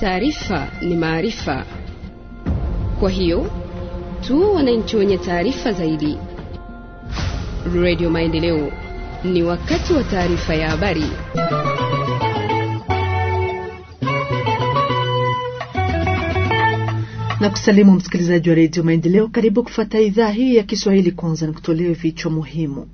Taarifa ni maarifa, kwa hiyo tu wananchi wenye taarifa zaidi. Radio Maendeleo, ni wakati wa taarifa ya habari. na kusalimu msikilizaji wa redio Maendeleo. Karibu kufata idhaa hii ya Kiswahili. Kwanza ni kutolewa vichwa muhimu.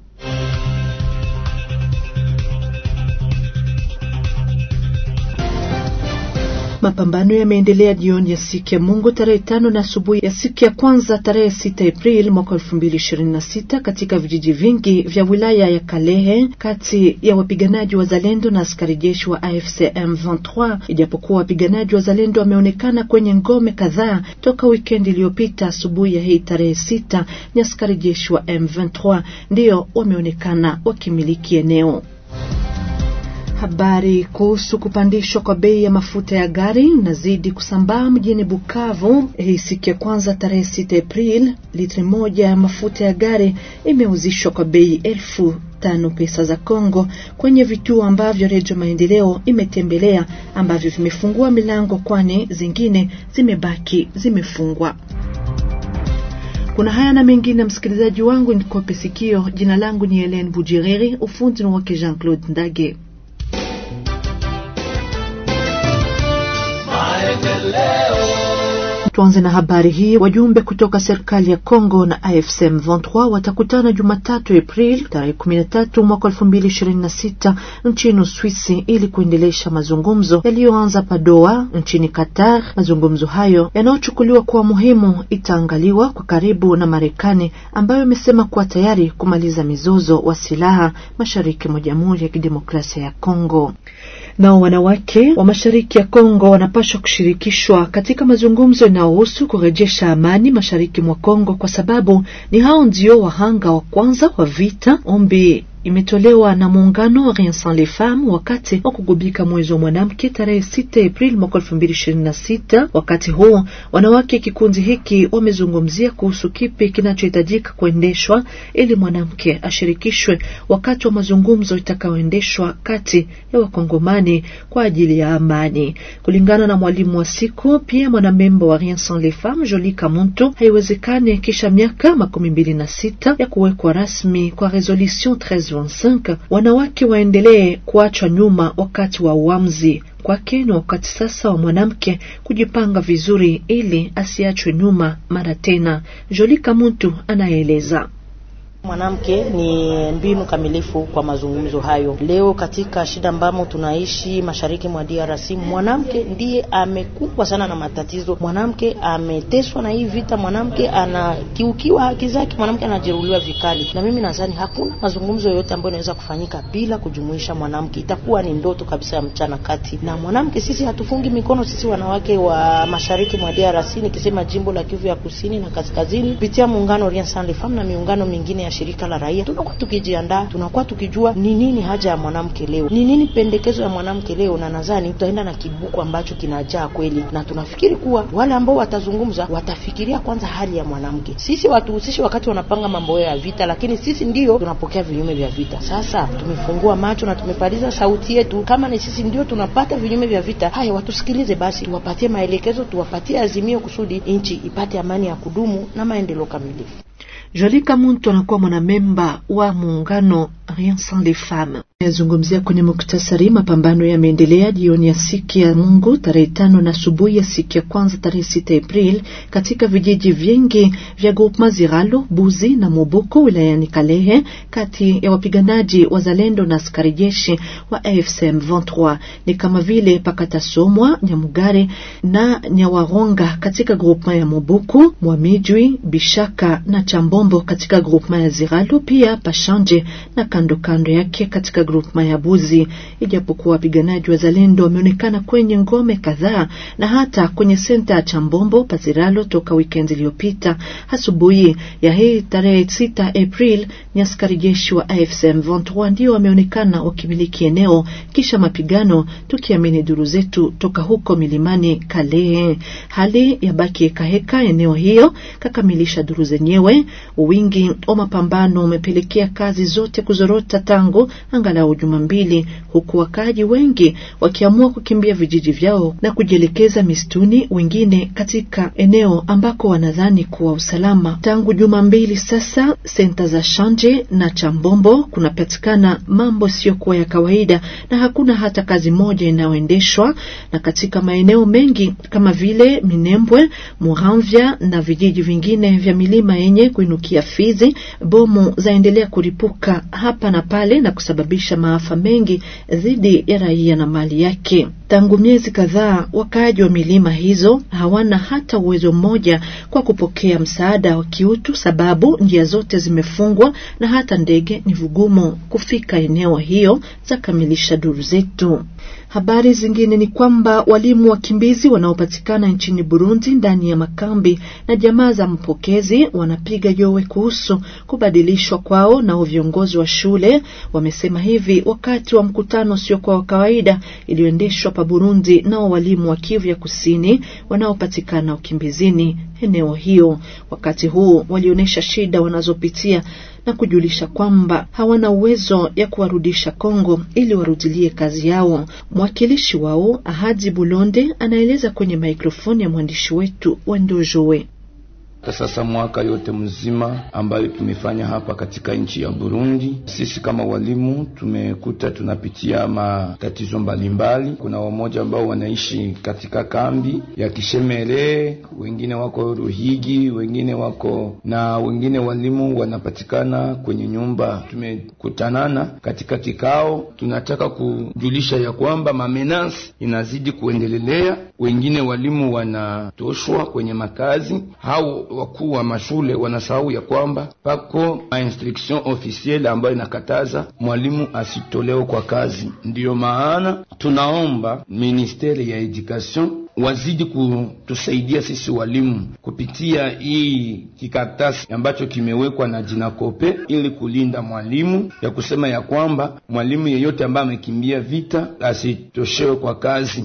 Mapambano yameendelea jioni ya siku ya Mungu tarehe tano na asubuhi ya siku ya kwanza tarehe sita Aprili mwaka elfu mbili ishirini na sita katika vijiji vingi vya wilaya ya Kalehe kati ya wapiganaji wa Zalendo na askari jeshi wa AFC M23. Ijapokuwa wapiganaji wa Zalendo wameonekana kwenye ngome kadhaa toka wikendi iliyopita, asubuhi ya hii tarehe sita ni askari jeshi wa M23 ndiyo wameonekana wakimiliki eneo Habari kuhusu kupandishwa kwa bei ya mafuta ya gari inazidi kusambaa mjini Bukavu. Hii siku ya kwanza tarehe 6 Aprili, litri moja ya mafuta ya gari imeuzishwa kwa bei elfu tano pesa za Kongo kwenye vituo ambavyo Redio Maendeleo imetembelea ambavyo vimefungua milango, kwani zingine zimebaki zimefungwa. Kuna haya na mengine, msikilizaji wangu, nikope sikio. Jina langu ni Helen Bujiriri, ufundi ni wake Jean Claude Ndage. Tuanze na habari hii. Wajumbe kutoka serikali ya congo na AFC M23 watakutana Jumatatu Aprili tarehe 13 mwaka 2026 nchini Uswisi ili kuendelesha mazungumzo yaliyoanza Padoa nchini Qatar. Mazungumzo hayo yanayochukuliwa kuwa muhimu itaangaliwa kwa karibu na Marekani ambayo imesema kuwa tayari kumaliza mizozo wa silaha mashariki mwa Jamhuri ya Kidemokrasia ya congo Nao wanawake wa mashariki ya Kongo wanapaswa kushirikishwa katika mazungumzo yanayohusu kurejesha amani mashariki mwa Kongo, kwa sababu ni hao ndio wahanga wa kwanza wa vita. Ombi imetolewa na muungano wa Renaissance les Femmes wakati wa kugubika mwezi wa mwanamke tarehe 6 Aprili mwaka 2026. Wakati huo wanawake kikundi hiki wamezungumzia kuhusu kipi kinachohitajika kuendeshwa ili mwanamke ashirikishwe wakati wa mazungumzo itakayoendeshwa kati ya wakongomani kwa ajili ya amani. Kulingana na mwalimu wa siku pia mwanamemba wa Sans les Femmes Jolie Kamuntu, haiwezekani kisha miaka makumi mbili na sita ya kuwekwa rasmi kwa resolution 13 2025 wanawake waendelee kuachwa nyuma wakati wa uamuzi kwake ni wakati sasa wa mwanamke kujipanga vizuri ili asiachwe nyuma mara tena. Jolika Muntu anaeleza mwanamke ni mbinu kamilifu kwa mazungumzo hayo. Leo katika shida ambamo tunaishi mashariki mwa DRC, mwanamke ndiye amekumbwa sana na matatizo. Mwanamke ameteswa na hii vita, mwanamke anakiukiwa haki zake, mwanamke anajeruhiwa vikali, na mimi nadhani hakuna mazungumzo yoyote ambayo inaweza kufanyika bila kujumuisha mwanamke. Itakuwa ni ndoto kabisa ya mchana kati. Na mwanamke, sisi hatufungi mikono, sisi wanawake wa mashariki mwa DRC, nikisema jimbo la Kivu ya kusini na kaskazini, kupitia muungano Orient Sans Femmes na miungano mingine ya shirika la raia tunakuwa tukijiandaa, tunakuwa tukijua ni nini haja ya mwanamke leo, ni nini pendekezo ya mwanamke leo, na nadhani tutaenda na kibuku ambacho kinajaa kweli, na tunafikiri kuwa wale ambao watazungumza watafikiria kwanza hali ya mwanamke. Sisi watuhusishi wakati wanapanga mambo ya vita, lakini sisi ndiyo tunapokea vinyume vya vita. Sasa tumefungua macho na tumepaliza sauti yetu, kama ni sisi ndio tunapata vinyume vya vita haya, watusikilize basi, tuwapatie maelekezo, tuwapatie azimio kusudi nchi ipate amani ya kudumu na maendeleo kamilifu. Jolika Muntu anakuwa mwanamemba wa muungano Rien Sans Les Femmes. Yazungumzia kwenye muktasari mapambano yameendelea jioni ya siku ya Mungu tarehe tano na asubuhi ya siku ya kwanza tarehe sita Aprili katika vijiji vingi vya Groupement Ziralo, Buzi na Moboko wilayani Kalehe kati ya wapiganaji wa Zalendo na askari jeshi wa AFSM 23 ni kama vile Pakatasomwa, Nyamugare na Nyawaronga katika grupma ya Moboko, Mwamijwi, Bishaka na Chambombo katika grupma ya Ziralo, pia Pashanje na kando kando yake katika grupma ya Buzi, ijapokuwa wapiganaji wa Zalendo wameonekana kwenye ngome kadhaa na hata kwenye senta ya Chambombo Paziralo toka wikendi iliyopita. Asubuhi ya hii tarehe 6 April ni askari jeshi wa AFC M23 ndio wameonekana wakimiliki eneo kisha mapigano, tukiamini duru zetu toka huko milimani Kale. Hali ya baki hekaheka eneo hiyo, kakamilisha duru zenyewe. Wingi wa mapambano umepelekea kazi zote kuzorota tangu angalau baada ya juma mbili, huku wakaaji wengi wakiamua kukimbia vijiji vyao na kujielekeza misituni, wengine katika eneo ambako wanadhani kuwa usalama. Tangu juma mbili sasa, senta za Shanje na Chambombo kunapatikana mambo siyokuwa ya kawaida na hakuna hata kazi moja inayoendeshwa, na katika maeneo mengi kama vile Minembwe, Muramvya na vijiji vingine vya milima yenye kuinukia Fizi, bomu zaendelea kuripuka hapa na pale na kusababisha kusababisha maafa mengi dhidi ya raia na mali yake. Tangu miezi kadhaa, wakaaji wa milima hizo hawana hata uwezo mmoja kwa kupokea msaada wa kiutu, sababu njia zote zimefungwa na hata ndege ni vugumu kufika eneo hiyo, za kamilisha duru zetu. Habari zingine ni kwamba walimu wakimbizi wanaopatikana nchini Burundi ndani ya makambi na jamaa za mpokezi wanapiga yowe kuhusu kubadilishwa kwao, nao viongozi wa shule wamesema hivi wakati wa mkutano usiokuwa wa kawaida iliyoendeshwa pa Burundi nao walimu wa Kivu ya Kusini wanaopatikana ukimbizini eneo hiyo. Wakati huu walionyesha shida wanazopitia na kujulisha kwamba hawana uwezo ya kuwarudisha Kongo ili warudilie kazi yao. Mwakilishi wao Ahadi Bulonde anaeleza kwenye maikrofoni ya mwandishi wetu wa Ndojowe hata sasa mwaka yote mzima ambayo tumefanya hapa katika nchi ya Burundi, sisi kama walimu tumekuta tunapitia matatizo mbalimbali. Kuna wamoja ambao wanaishi katika kambi ya Kishemere, wengine wako Ruhigi, wengine wako na wengine walimu wanapatikana kwenye nyumba. Tumekutanana katika kikao, tunataka kujulisha ya kwamba mamenasi inazidi kuendelelea, wengine walimu wanatoshwa kwenye makazi hao wakuu wa mashule wanasahau ya kwamba pako instruction officielle ambayo inakataza mwalimu asitolewe kwa kazi. Ndiyo maana tunaomba ministeri ya education wazidi kutusaidia sisi walimu kupitia hii kikatasi ambacho kimewekwa na Jinakope ili kulinda mwalimu, ya kusema ya kwamba mwalimu yeyote ambaye amekimbia vita asitoshewe kwa kazi.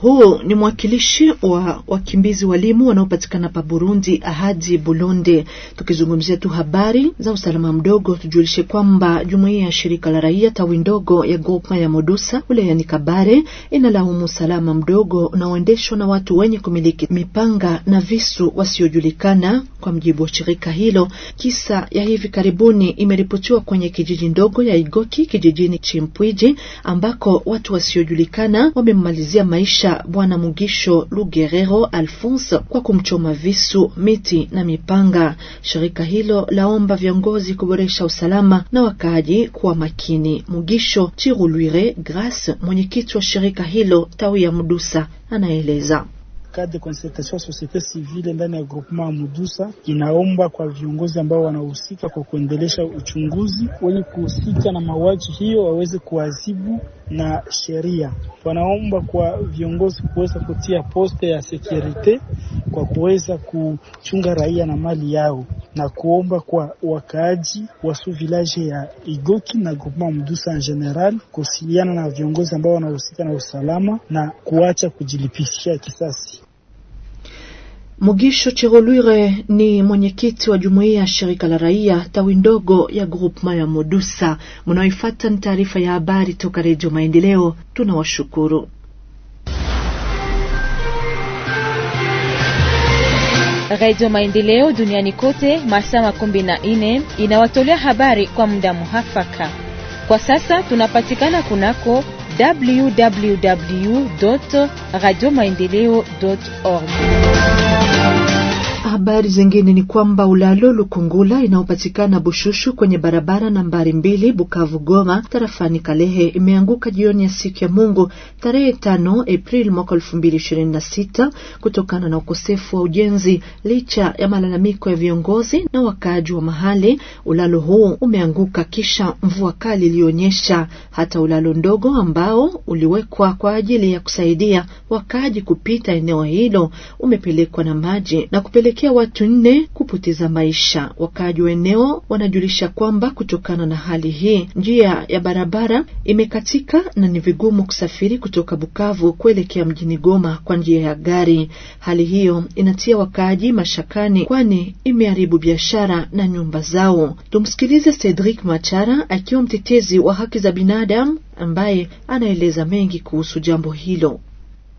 Huu ni mwakilishi wa wakimbizi walimu wanaopatikana pa Burundi, Ahadi Bulonde. Tukizungumzia tu habari za usalama mdogo, tujulishe kwamba jumuiya ya shirika la raia tawi ndogo ya Gopa ya Modusa wilayani Kabare inalaumu usalama mdogo unaoendeshwa na watu wenye kumiliki mipanga na visu wasiojulikana. Kwa mjibu wa shirika hilo, kisa ya hivi karibuni imeripotiwa kwenye kijiji ndogo ya Igoki kijijini Chimpwiji ambako watu wasiojulikana wamemalizia maisha kumkamata Bwana Mugisho Lugerero Alfonso kwa kumchoma visu, miti na mipanga. Shirika hilo laomba viongozi kuboresha usalama na wakaaji kuwa makini. Mugisho Chirulwire Grace, mwenyekiti wa shirika hilo tawi ya Mudusa, anaeleza de concertation société civile ndani ya groupement Mudusa inaomba kwa viongozi ambao wanahusika kwa kuendelesha uchunguzi wenye kuhusika na mauaji hiyo waweze kuadhibu na sheria. Wanaomba kwa viongozi kuweza kutia poste ya sekurite kwa kuweza kuchunga raia na mali yao, na kuomba kwa wakaaji wa su village ya Igoki na groupement Mdusa en general kusiliana na viongozi ambao wanahusika na usalama na kuacha kujilipishia kisasi. Mugisho Cheroluire ni mwenyekiti wa jumuiya ya shirika la raia tawi ndogo ya groupement ya Modusa. Mnaoifuata ni taarifa ya habari toka Redio Maendeleo, tunawashukuru. Redio Maendeleo duniani kote masaa makumi na nne inawatolea habari kwa muda muhafaka. Kwa sasa tunapatikana kunako www radio maendeleo org Habari zingine ni kwamba ulalo Lukungula inayopatikana Bushushu kwenye barabara nambari mbili Bukavu Goma tarafani Kalehe imeanguka jioni ya siku ya Mungu tarehe tano Aprili mwaka elfu mbili ishirini na sita kutokana na ukosefu wa ujenzi. Licha ya malalamiko ya viongozi na wakaaji wa mahali, ulalo huu umeanguka kisha mvua kali iliyoonyesha Hata ulalo ndogo ambao uliwekwa kwa ajili ya kusaidia wakaaji kupita eneo hilo umepelekwa na maji na kupeleka kupelekea watu nne kupoteza maisha. Wakaaji wa eneo wanajulisha kwamba kutokana na hali hii, njia ya barabara imekatika na ni vigumu kusafiri kutoka Bukavu kuelekea mjini Goma kwa njia ya gari. Hali hiyo inatia wakaaji mashakani, kwani imeharibu biashara na nyumba zao. Tumsikilize Cedric Machara akiwa mtetezi wa haki za binadamu ambaye anaeleza mengi kuhusu jambo hilo.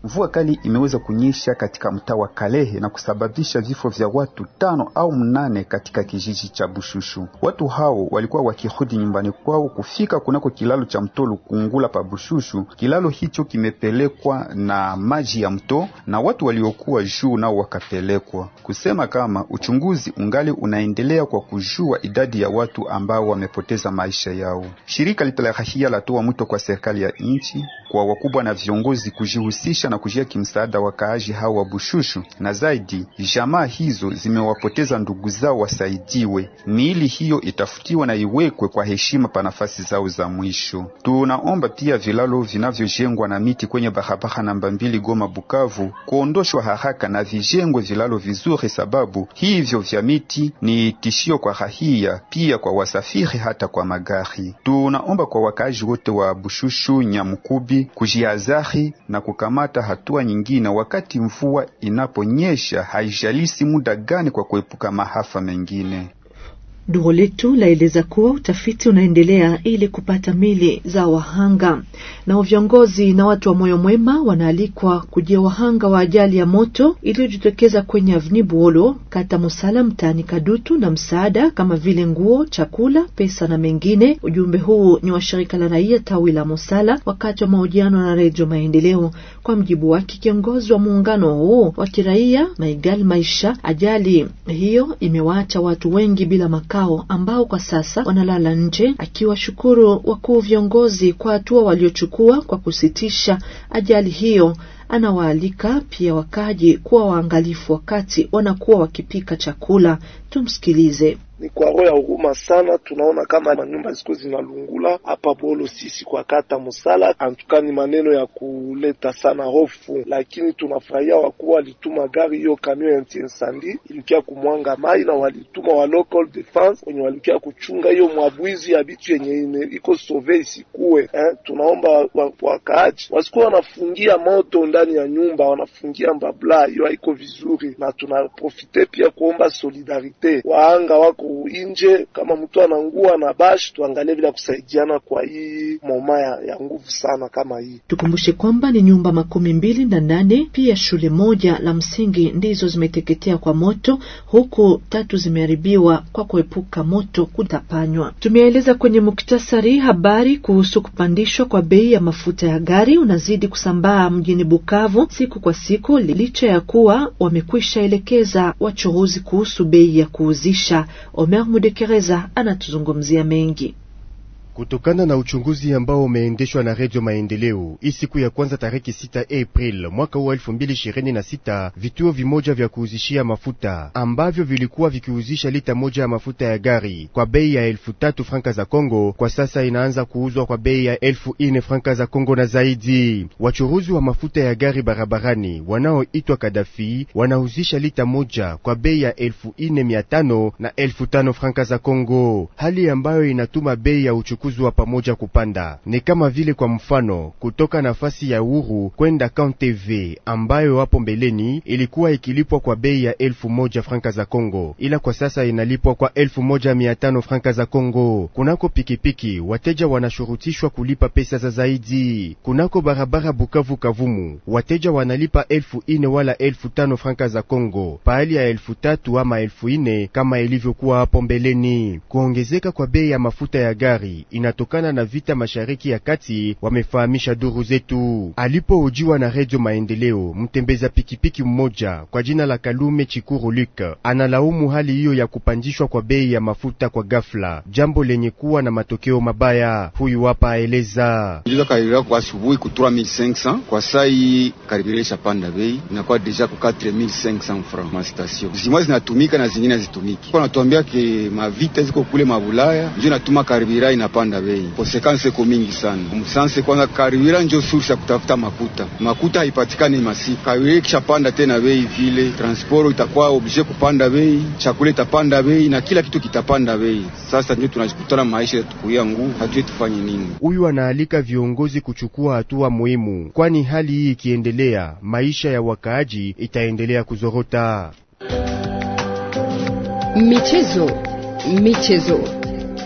Mvua kali imeweza kunyesha katika mtaa wa Kalehe na kusababisha vifo vya watu tano au mnane katika kijiji cha Bushushu. Watu hao walikuwa wakirudi nyumbani kwao kufika kunako kilalo cha mto Lukungula pa Bushushu. Kilalo hicho kimepelekwa na maji ya mto na watu waliokuwa juu nao wakapelekwa. Kusema kama uchunguzi ungali unaendelea kwa kujua idadi ya watu ambao wamepoteza maisha yao. Shirika la latoa mwito kwa serikali ya nchi, kwa wakubwa na viongozi kujihusisha na kujia kimsaada wakaaji hao wa Bushushu, na zaidi jamaa hizo zimewapoteza ndugu zao, wasaidiwe. Miili hiyo itafutiwa na iwekwe kwa heshima pa nafasi zao za mwisho. Tunaomba pia vilalo vinavyojengwa na miti kwenye barabara namba mbili Goma Bukavu kuondoshwa haraka na vijengwe vilalo vizuri, sababu hivyo vya miti ni tishio kwa rahia, pia kwa wasafiri, hata kwa magari. Tunaomba kwa wakaaji wote wa Bushushu, Nyamukubi kujiazari na kukamata kufuata hatua nyingine wakati mvua inaponyesha, haijalisi muda gani, kwa kuepuka maafa mengine. Duru letu laeleza kuwa utafiti unaendelea ili kupata mili za wahanga. Nao viongozi na watu wa moyo mwema wanaalikwa kujia wahanga wa ajali ya moto iliyojitokeza kwenye avni Buolo, kata Musala, mtaani Kadutu, na msaada kama vile nguo, chakula, pesa na mengine. Ujumbe huu ni wa shirika la raia tawi la Musala wakati wa mahojiano na Redio Maendeleo kwa mjibu wake kiongozi wa muungano huu wa kiraia Maigal Maisha, ajali hiyo imewaacha watu wengi bila makao ambao kwa sasa wanalala nje, akiwashukuru wakuu viongozi kwa hatua waliochukua kwa kusitisha ajali hiyo. Anawaalika pia wakaji kuwa waangalifu wakati wanakuwa wakipika chakula. Tumsikilize ni kwa roho ya huruma sana. Tunaona kama manyumba ziko zinalungula hapa Bolo, sisi kwa kata Musala. ni maneno ya kuleta sana hofu, lakini tunafurahia wakuwa walituma gari hiyo kamio ya ntiensandi ilikia kumwanga mai na walituma wa local defense wenye walikia kuchunga hiyo mwabwizi ya bitu yenye ine iko sove isikuwe eh. Tunaomba wakaaji wasikuwa wanafungia moto ndani ya nyumba, wanafungia mbabla, hiyo haiko vizuri, na tunaprofite pia kuomba solidarite waanga wako huku kama mtu anangua na bash, tuangalie vile kusaidiana kwa hii moma ya, ya nguvu sana kama hii. Tukumbushe kwamba ni nyumba makumi mbili na nane pia shule moja la msingi ndizo zimeteketea kwa moto, huku tatu zimeharibiwa kwa kuepuka moto kutapanywa. Tumeeleza kwenye muktasari habari kuhusu kupandishwa kwa bei ya mafuta ya gari unazidi kusambaa mjini Bukavu siku kwa siku, licha ya kuwa wamekwisha elekeza wachuruzi kuhusu bei ya kuuzisha Omer Mudekereza anatuzungumzia mengi. Kutokana na uchunguzi ambao umeendeshwa na Redio Maendeleo isiku ya kwanza tariki 6 April mwaka wa 2026, vituo vimoja vya kuuzishia mafuta ambavyo vilikuwa vikiuzisha lita moja ya mafuta ya gari kwa bei ya elfu tatu franka za Kongo, kwa sasa inaanza kuuzwa kwa bei ya elfu ine franka za Kongo na zaidi. Wachuruzi wa mafuta ya gari barabarani wanaoitwa Kadafi wanauzisha lita moja kwa bei ya elfu ine mia tano na elfu tano franka za Kongo, hali ambayo inatuma bei ya uchukuzi kufukuzwa pamoja kupanda, ni kama vile kwa mfano kutoka nafasi ya uhuru kwenda Kante V ambayo hapo mbeleni ilikuwa ikilipwa kwa bei ya elfu moja franka za Kongo, ila kwa sasa inalipwa kwa elfu moja mia tano franka za Kongo. Kunako pikipiki wateja wanashurutishwa kulipa pesa za zaidi. Kunako barabara Bukavu Kavumu wateja wanalipa elfu ine wala elfu tano franka za Kongo pahali ya elfu tatu ama elfu ine kama ilivyokuwa hapo mbeleni. Kuongezeka kwa bei ya mafuta ya gari inatokana na vita mashariki ya kati, wamefahamisha duru zetu. Alipoojiwa na redio Maendeleo, mtembeza pikipiki mmoja kwa jina la Kalume Chikuru luk analaumu hali hiyo ya kupandishwa kwa bei ya mafuta kwa ghafla, jambo lenye kuwa na matokeo mabaya. Huyu hapa aeleza kwa asubuhi kutura 1500 kwa sai karibiresha panda bei inakuwa deja ku 4500 francs ma station zimwa zinatumika na zingine hazitumiki, kwa natuambia ke mavita ziko kule mabulaya ndio natuma karibira inapa kupanda bei, konsekansi ko mingi sana. Msanse kwanza, Kariwira njo source ya kutafuta makuta, makuta haipatikani masi. Kariwira ikishapanda tena bei vile, transport itakuwa oblige kupanda bei, chakula itapanda bei na kila kitu kitapanda bei. Sasa ndio tunajikutana maisha yatukuia nguvu, hatuwe tufanye nini. Huyu anaalika viongozi kuchukua hatua muhimu, kwani hali hii ikiendelea, maisha ya wakaaji itaendelea kuzorota. Michezo, michezo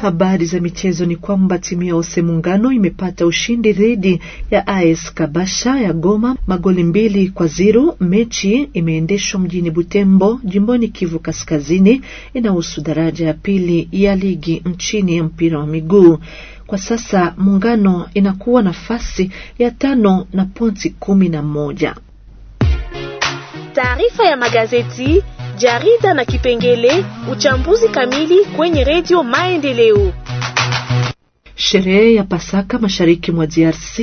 Habari za michezo ni kwamba timu ya Ose Muungano imepata ushindi dhidi ya AS Kabasha ya Goma magoli mbili kwa ziro. Mechi imeendeshwa mjini Butembo, jimboni Kivu Kaskazini, inahusu daraja ya pili ya ligi nchini ya mpira wa miguu. Kwa sasa Muungano inakuwa nafasi ya tano na pointi kumi na moja. Taarifa ya magazeti jarida na kipengele uchambuzi kamili kwenye redio Maendeleo. Sherehe ya Pasaka mashariki mwa DRC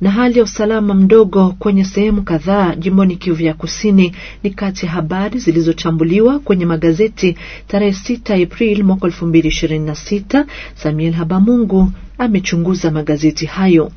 na hali ya usalama mdogo kwenye sehemu kadhaa jimboni Kivu ya Kusini ni kati ya habari zilizochambuliwa kwenye magazeti tarehe 6 Aprili mwaka 2026. Samuel Habamungu amechunguza magazeti hayo.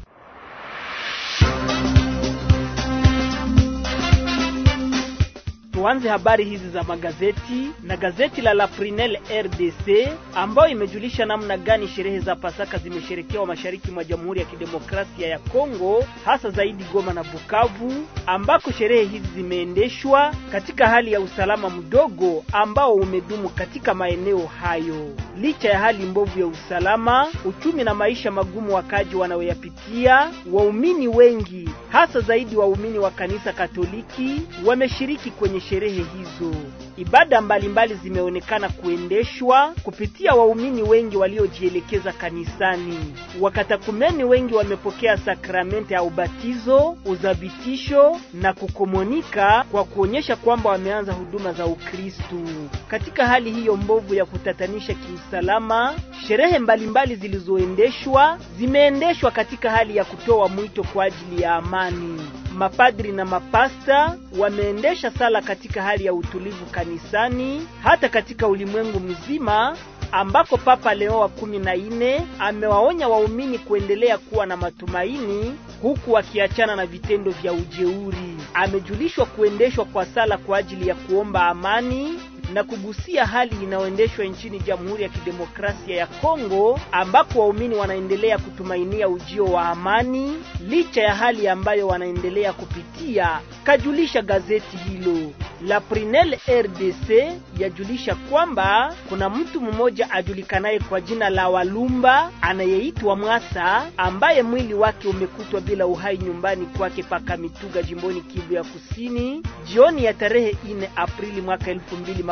tuanze habari hizi za magazeti na gazeti la La Frinel RDC ambayo imejulisha namna gani sherehe za Pasaka zimesherekewa mashariki mwa Jamhuri ya Kidemokrasia ya Kongo, hasa zaidi Goma na Bukavu, ambako sherehe hizi zimeendeshwa katika hali ya usalama mdogo ambao umedumu katika maeneo hayo. Licha ya hali mbovu ya usalama, uchumi na maisha magumu wakaji wanayoyapitia, waumini wengi hasa zaidi waumini wa kanisa Katoliki wameshiriki kwenye sherehe sherehe hizo. Ibada mbalimbali zimeonekana kuendeshwa kupitia waumini wengi waliojielekeza kanisani. Wakatakumeni wengi wamepokea sakramenti ya ubatizo, udhabitisho na kukomunika kwa kuonyesha kwamba wameanza huduma za Ukristu. Katika hali hiyo mbovu ya kutatanisha kiusalama, sherehe mbalimbali zilizoendeshwa zimeendeshwa katika hali ya kutoa mwito kwa ajili ya amani. Mapadri na mapasta wameendesha sala katika hali ya utulivu kanisani, hata katika ulimwengu mzima ambako Papa Leo wa kumi na nne amewaonya waumini kuendelea kuwa na matumaini huku wakiachana na vitendo vya ujeuri. Amejulishwa kuendeshwa kwa sala kwa ajili ya kuomba amani na kugusia hali inayoendeshwa nchini Jamhuri ya Kidemokrasia ya Kongo ambapo waumini wanaendelea kutumainia ujio wa amani licha ya hali ambayo wanaendelea kupitia, kajulisha gazeti hilo. La Prinel RDC yajulisha kwamba kuna mtu mmoja ajulikanaye kwa jina la Walumba anayeitwa Mwasa ambaye mwili wake umekutwa bila uhai nyumbani kwake paka mituga jimboni Kivu ya Kusini, jioni ya tarehe 4 Aprili mwaka 2000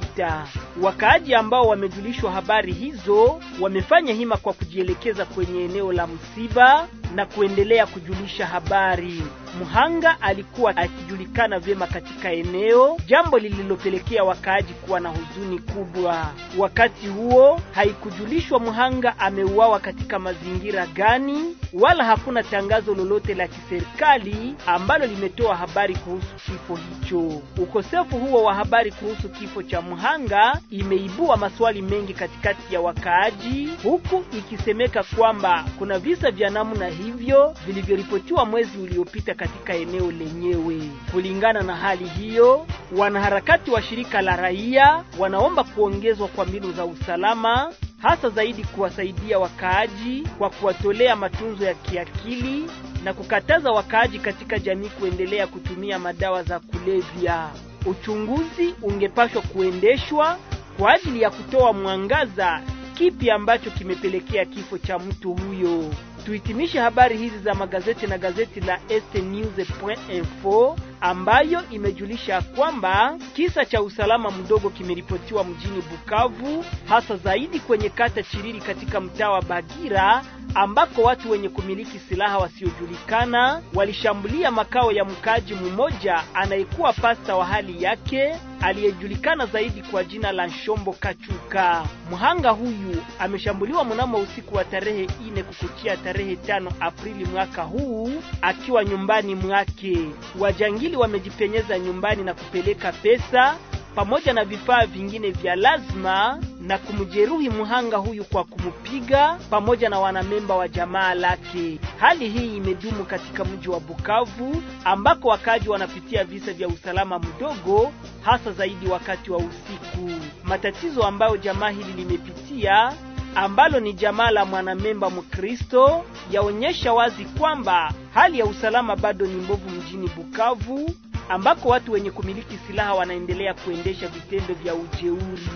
sita. Wakaaji ambao wamejulishwa habari hizo wamefanya hima kwa kujielekeza kwenye eneo la msiba na kuendelea kujulisha habari. Mhanga alikuwa akijulikana vyema katika eneo, jambo lililopelekea wakaaji kuwa na huzuni kubwa. Wakati huo haikujulishwa Mhanga ameuawa katika mazingira gani, wala hakuna tangazo lolote la kiserikali ambalo limetoa habari kuhusu kifo hicho. Ukosefu huo wa habari kuhusu kifo cha Mhanga imeibua maswali mengi katikati ya wakaaji, huku ikisemeka kwamba kuna visa vya namna hivyo vilivyoripotiwa mwezi uliopita katika eneo lenyewe. Kulingana na hali hiyo, wanaharakati wa shirika la raia wanaomba kuongezwa kwa mbinu za usalama hasa zaidi kuwasaidia wakaaji kwa kuwatolea matunzo ya kiakili na kukataza wakaaji katika jamii kuendelea kutumia madawa za kulevya. Uchunguzi ungepashwa kuendeshwa kwa ajili ya kutoa mwangaza kipi ambacho kimepelekea kifo cha mtu huyo. Tuhitimishe habari hizi za magazeti na gazeti la estnews.info ambayo imejulisha kwamba kisa cha usalama mdogo kimeripotiwa mjini Bukavu, hasa zaidi kwenye kata Chiriri katika mtaa wa Bagira ambako watu wenye kumiliki silaha wasiojulikana walishambulia makao ya mkaaji mmoja anayekuwa pasta wa hali yake aliyejulikana zaidi kwa jina la Nshombo Kachuka. Mhanga huyu ameshambuliwa mnamo usiku wa tarehe ine kukuchia tarehe tano Aprili mwaka huu akiwa nyumbani mwake. Wajangi wawili wamejipenyeza nyumbani na kupeleka pesa pamoja na vifaa vingine vya lazima na kumjeruhi mhanga huyu kwa kumpiga pamoja na wanamemba wa jamaa lake. Hali hii imedumu katika mji wa Bukavu ambako wakaji wanapitia visa vya usalama mdogo, hasa zaidi wakati wa usiku. Matatizo ambayo jamaa hili limepitia ambalo ni jamaa la mwanamemba Mkristo yaonyesha wazi kwamba hali ya usalama bado ni mbovu mjini Bukavu ambako watu wenye kumiliki silaha wanaendelea kuendesha vitendo vya ujeuri.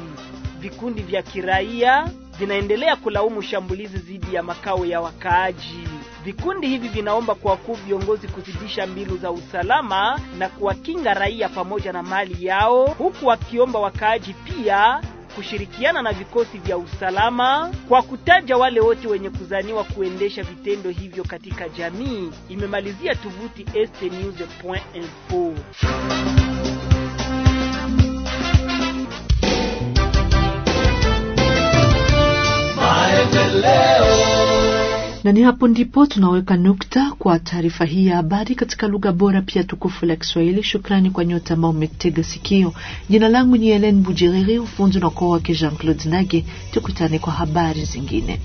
Vikundi vya kiraia vinaendelea kulaumu shambulizi dhidi ya makao ya wakaaji. Vikundi hivi vinaomba kwa wakuu viongozi kuzidisha mbinu za usalama na kuwakinga raia pamoja na mali yao, huku wakiomba wakaaji pia kushirikiana na vikosi vya usalama kwa kutaja wale wote wenye kuzaniwa kuendesha vitendo hivyo katika jamii, imemalizia tovuti estnews.info. Na ni hapo ndipo tunaweka nukta kwa taarifa hii ya habari katika lugha bora pia tukufu la Kiswahili. Shukrani kwa nyote ambao umetega sikio. Jina langu ni Helen Bujereri, ufundi na wake Jean Claude Nage. Tukutane kwa habari zingine.